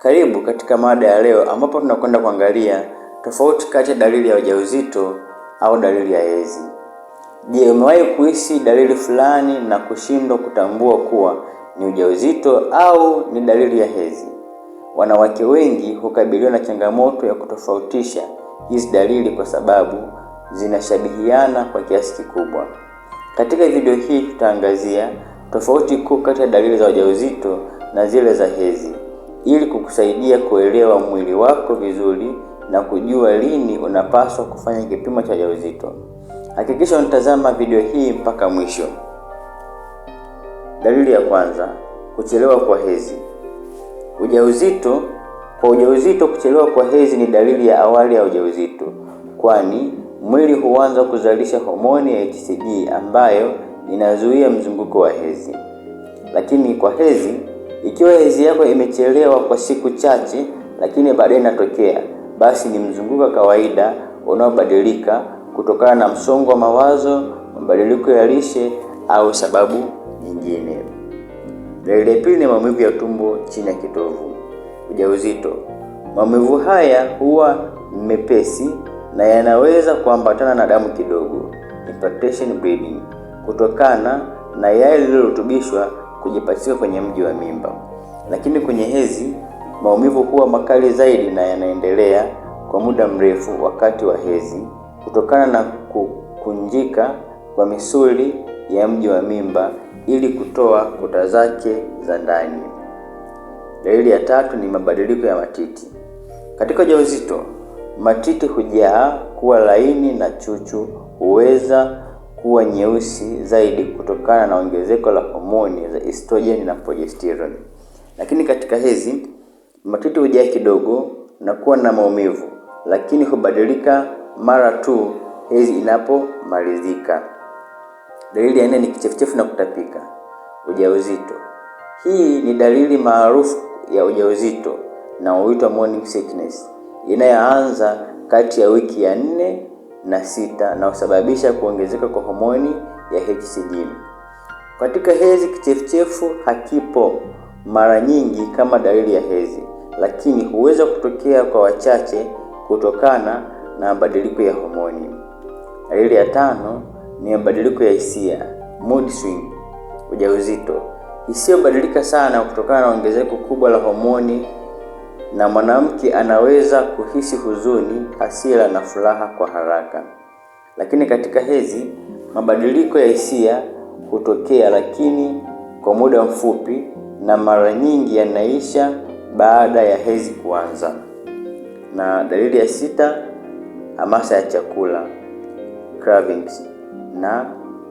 Karibu katika mada ya leo ambapo tunakwenda kuangalia tofauti kati ya dalili ya ujauzito au dalili ya hedhi. Je, umewahi kuhisi dalili fulani na kushindwa kutambua kuwa ni ujauzito au ni dalili ya hedhi? Wanawake wengi hukabiliwa na changamoto ya kutofautisha hizi dalili kwa sababu zinashabihiana kwa kiasi kikubwa. Katika video hii tutaangazia tofauti kuu kati ya dalili za ujauzito na zile za hedhi ili kukusaidia kuelewa mwili wako vizuri na kujua lini unapaswa kufanya kipimo cha ujauzito. Hakikisha unatazama video hii mpaka mwisho. Dalili ya kwanza, kuchelewa kwa hedhi. Ujauzito kwa ujauzito, kuchelewa kwa hedhi ni dalili ya awali ya ujauzito, kwani mwili huanza kuzalisha homoni ya HCG ambayo inazuia mzunguko wa hedhi, lakini kwa hedhi ikiwa hedhi yako imechelewa kwa siku chache, lakini baadaye inatokea, basi ni mzunguko wa kawaida unaobadilika kutokana na msongo wa mawazo, mabadiliko ya lishe au sababu nyingine. Dalili ya pili ni maumivu ya tumbo chini ya kitovu. Ujauzito, maumivu haya huwa mepesi na yanaweza kuambatana na damu kidogo, implantation bleeding, kutokana na yai lililorutubishwa kujipachika kwenye mji wa mimba. Lakini kwenye hezi maumivu huwa makali zaidi na yanaendelea kwa muda mrefu wakati wa hezi kutokana na kukunjika kwa misuli ya mji wa mimba ili kutoa kuta zake za ndani. Dalili ya tatu ni mabadiliko ya matiti. Katika ujauzito matiti hujaa kuwa laini na chuchu huweza kuwa nyeusi zaidi kutokana na ongezeko la homoni za estrogen na progesterone. Lakini katika hizi matiti hujaa kidogo na kuwa na maumivu, lakini hubadilika mara tu hedhi inapomalizika. Dalili ya nne ni kichefuchefu na kutapika. Ujauzito, hii ni dalili maarufu ya ujauzito na huitwa morning sickness inayoanza kati ya wiki ya nne na sita na husababisha kuongezeka kwa homoni ya HCG. Katika hedhi kichefuchefu hakipo mara nyingi kama dalili ya hedhi, lakini huweza kutokea kwa wachache kutokana na mabadiliko ya homoni. Dalili ya tano ni mabadiliko ya hisia, mood swing. Ujauzito, hisia hubadilika sana kutokana na ongezeko kubwa la homoni na mwanamke anaweza kuhisi huzuni, hasira na furaha kwa haraka. Lakini katika hedhi mabadiliko ya hisia hutokea, lakini kwa muda mfupi na mara nyingi yanaisha baada ya hedhi kuanza. Na dalili ya sita, hamasa ya chakula cravings, na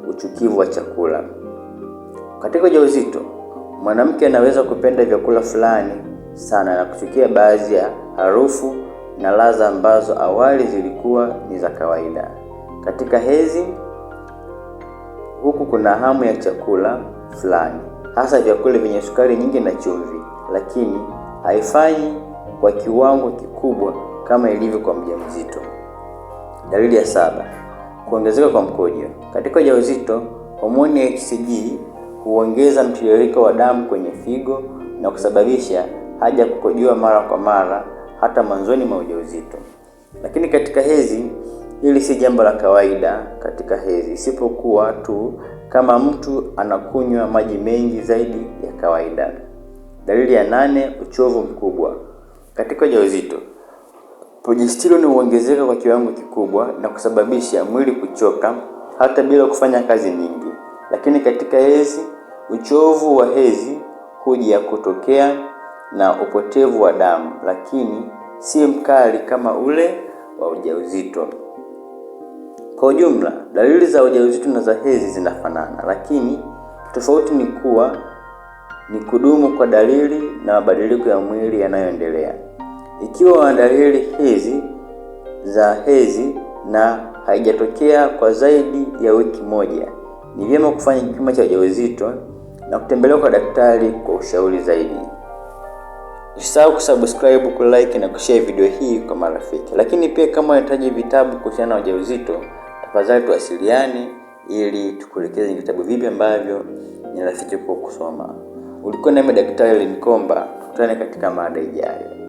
uchukivu wa chakula. Katika ujauzito mwanamke anaweza kupenda vyakula fulani sana na kuchukia baadhi ya harufu na ladha ambazo awali zilikuwa ni za kawaida. Katika hezi huku kuna hamu ya chakula fulani, hasa vyakula vyenye sukari nyingi na chumvi, lakini haifanyi kwa kiwango kikubwa kama ilivyo kwa mjamzito. Dalili ya saba, kuongezeka kwa mkojo. Katika ujauzito, homoni ya HCG huongeza mtiririko wa damu kwenye figo na kusababisha haja kukojoa mara kwa mara hata mwanzoni mwa ujauzito. Lakini katika hedhi, hili si jambo la kawaida katika hedhi, isipokuwa tu kama mtu anakunywa maji mengi zaidi ya kawaida. Dalili ya nane, uchovu mkubwa katika ujauzito. Progesterone huongezeka kwa kiwango kikubwa na kusababisha mwili kuchoka hata bila kufanya kazi nyingi. Lakini katika hedhi, uchovu wa hedhi huja kutokea na upotevu wa damu, lakini si mkali kama ule wa ujauzito. Kwa ujumla, dalili za ujauzito na za hedhi zinafanana, lakini tofauti ni kuwa ni kudumu kwa dalili na mabadiliko ya mwili yanayoendelea. Ikiwa wana dalili hizi za hedhi na haijatokea kwa zaidi ya wiki moja, ni vyema kufanya kipimo cha ujauzito na kutembelewa kwa daktari kwa ushauri zaidi. Usisahau kusubscribe, kulike na kushare video hii kwa marafiki. Lakini pia kama unahitaji vitabu kuhusiana na ujauzito, tafadhali tuwasiliane ili tukuelekeze ni vitabu vipi ambavyo ni rafiki kwa kusoma. Ulikuwa nami Daktari Linkomba, tukutane katika mada ijayo.